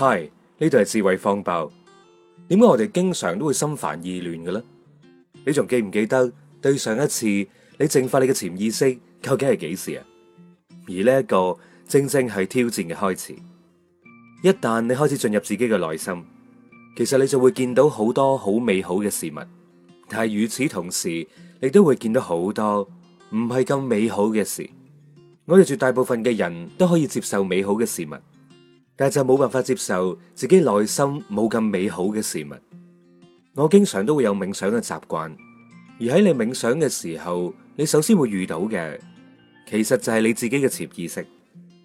嗨，呢度係智慧方包，點解我哋經常都會心煩意亂嘅咧？你仲記唔記得對上一次你淨化你嘅潛意識究竟係幾時啊？而呢一個正正係挑戰嘅開始。一旦你開始進入自己嘅內心，其實你就會見到好多好美好嘅事物，但係與此同時，你都會見到好多唔係咁美好嘅事。我哋絕大部分嘅人都可以接受美好嘅事物。但就冇辦法接受自己內心冇咁美好嘅事物。我經常都會有冥想嘅習慣，而喺你冥想嘅時候，你首先會遇到嘅，其實就係你自己嘅潛意識。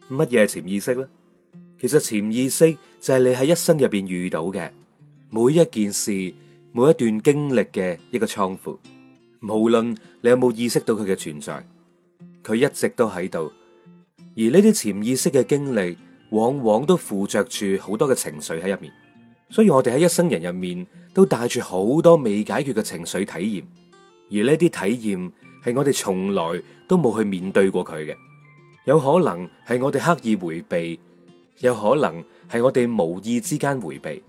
乜嘢係潛意識咧？其實潛意識就係你喺一生入邊遇到嘅每一件事、每一段經歷嘅一個倉庫，無論你有冇意識到佢嘅存在，佢一直都喺度。而呢啲潛意識嘅經歷，往往都附着住好多嘅情緒喺入面，所以我哋喺一生人入面都帶住好多未解決嘅情緒體驗，而呢啲體驗係我哋從來都冇去面對過佢嘅，有可能係我哋刻意回避，有可能係我哋無意之間回避，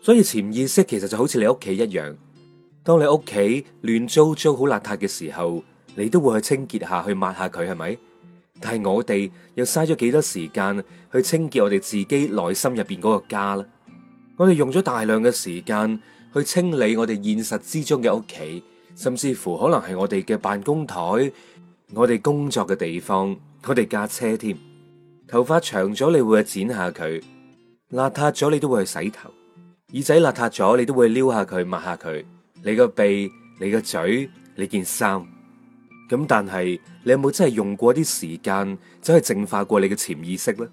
所以潛意識其實就好似你屋企一樣，當你屋企亂糟糟好邋遢嘅時候，你都會去清潔下去抹下佢，係咪？但係我哋又嘥咗幾多時間去清潔我哋自己內心入邊嗰個家啦，我哋用咗大量嘅時間去清理我哋現實之中嘅屋企，甚至乎可能係我哋嘅辦公台、我哋工作嘅地方、我哋架車添。頭髮長咗你會去剪下佢，邋遢咗你都會去洗頭，耳仔邋遢咗你都會撩下佢、抹下佢，你個鼻、你個嘴、你件衫。咁但係你有冇真係用過啲時間，走去淨化過你嘅潛意識咧？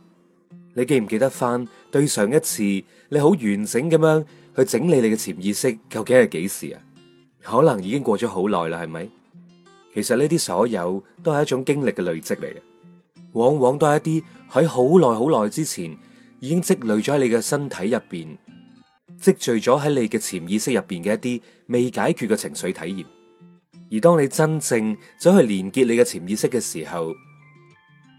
你記唔記得翻對上一次你好完整咁樣去整理你嘅潛意識，究竟係幾時啊？可能已經過咗好耐啦，係咪？其實呢啲所有都係一種經歷嘅累積嚟嘅，往往都係一啲喺好耐好耐之前已經積累咗喺你嘅身體入邊，積聚咗喺你嘅潛意識入邊嘅一啲未解決嘅情緒體驗。而當你真正走去連結你嘅潛意識嘅時候，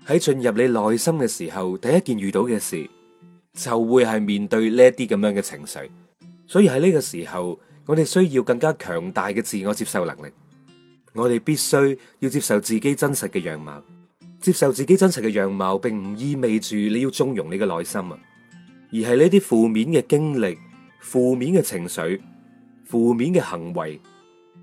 喺進入你內心嘅時候，第一件遇到嘅事，就會係面對呢一啲咁樣嘅情緒。所以喺呢個時候，我哋需要更加強大嘅自我接受能力。我哋必須要接受自己真實嘅樣貌，接受自己真實嘅樣貌，並唔意味住你要縱容你嘅內心啊。而係呢啲負面嘅經歷、負面嘅情緒、負面嘅行為。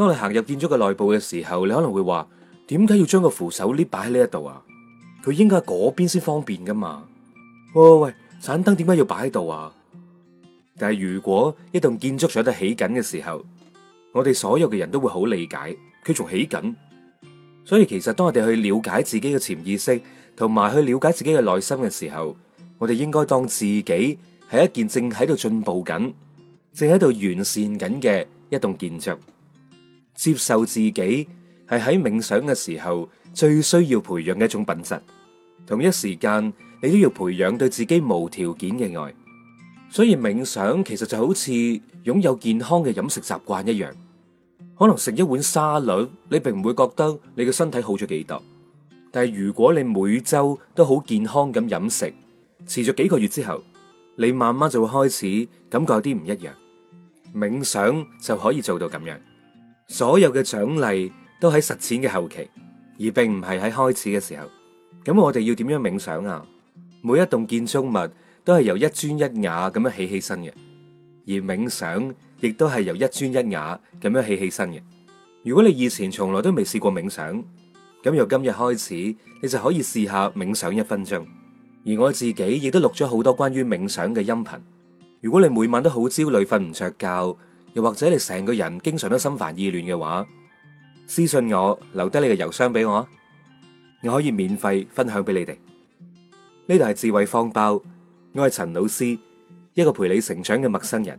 當你行入建築嘅內部嘅時候，你可能會話：點解要將個扶手 lift 擺喺呢一度啊？佢應該喺嗰邊先方便噶嘛？喂、哦、喂，盞燈點解要擺喺度啊？但係如果一棟建築上得起緊嘅時候，我哋所有嘅人都會好理解佢仲起緊。所以其實當我哋去了解自己嘅潛意識，同埋去了解自己嘅內心嘅時候，我哋應該當自己係一件正喺度進步緊、正喺度完善緊嘅一棟建築。接受自己係喺冥想嘅時候最需要培養嘅一種品質，同一時間你都要培養對自己無條件嘅愛。所以冥想其實就好似擁有健康嘅飲食習慣一樣，可能食一碗沙律，你並唔會覺得你嘅身體好咗幾多，但係如果你每周都好健康咁飲食，持續幾個月之後，你慢慢就會開始感覺有啲唔一樣。冥想就可以做到咁樣。所有嘅獎勵都喺實踐嘅後期，而並唔係喺開始嘅時候。咁我哋要點樣冥想啊？每一棟建築物都係由一磚一瓦咁樣起起身嘅，而冥想亦都係由一磚一瓦咁樣起起身嘅。如果你以前從來都未試過冥想，咁由今日開始，你就可以試下冥想一分鐘。而我自己亦都錄咗好多關於冥想嘅音頻。如果你每晚都好焦慮瞓唔着覺。又或者你成個人經常都心煩意亂嘅話，私信我留低你嘅郵箱俾我，我可以免費分享俾你哋。呢度係智慧方包，我係陳老師，一個陪你成長嘅陌生人。